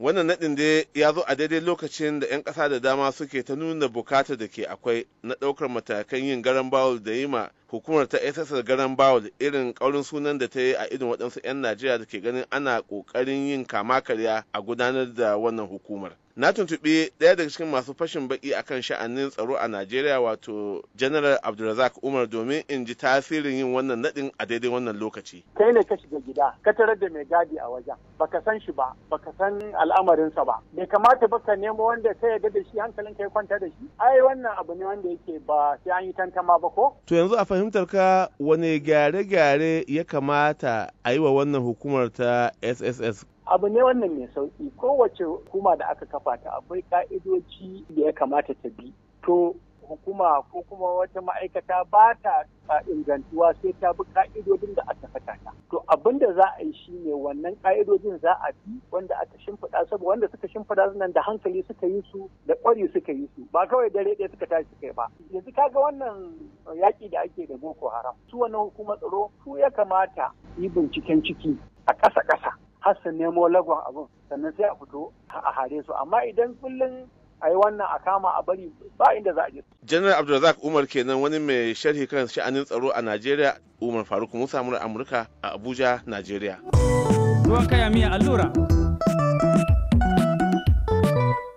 wannan naɗin dai ya zo a daidai lokacin da 'yan kasa da dama suke ta nuna bukatar da ke akwai na daukar matakan yin garan bawul da yi ma hukumar ta ss garan bawul irin kaurin sunan da ta yi a idon waɗansu 'yan najeriya da ke ganin ana ƙoƙarin yin kama karya a gudanar da wannan hukumar na tuntuɓi ɗaya daga cikin masu fashin baki akan sha'anin tsaro a najeriya wato general abdulrazak umar domin in ji tasirin yin wannan naɗin a daidai wannan lokaci kai ne ka shiga gida ka tarar da mai gadi a wajen baka san shi ba baka san al'amarinsa ba bai kamata ba ka nemo wanda ka yarda da shi hankalin ka ya kwanta da shi ai wannan abu ne wanda yake ba sai an yi tantama ba ko to yanzu a fahimtar ka wani gyare-gyare ya kamata a yi wa wannan hukumar ta sss abu ne wannan mai sauki kowace hukuma da aka kafa ta akwai ka'idoji da ya kamata ta bi to hukuma ko kuma wata ma'aikata ba ta ingantuwa sai ta bi ka'idodin da aka fata ta to abin da za a yi shi ne wannan ka'idojin za a bi wanda aka shimfiɗa saboda wanda suka shimfiɗa nan da hankali suka yi su da ƙwari suka yi su ba kawai dare ɗaya suka tashi kai yi ba yanzu ga wannan yaƙi da ake da boko haram su wannan hukumar tsaro su ya kamata yi binciken ciki har su nemo lagon abin sannan sai a fito a hare su amma idan kullum a yi wannan a kama a bari ba inda za a je. janar abdulrazak umar kenan wani mai sharhi kan sha'anin tsaro a najeriya umar faruk musa amurka a abuja najeriya. ruwan kaya miya allura.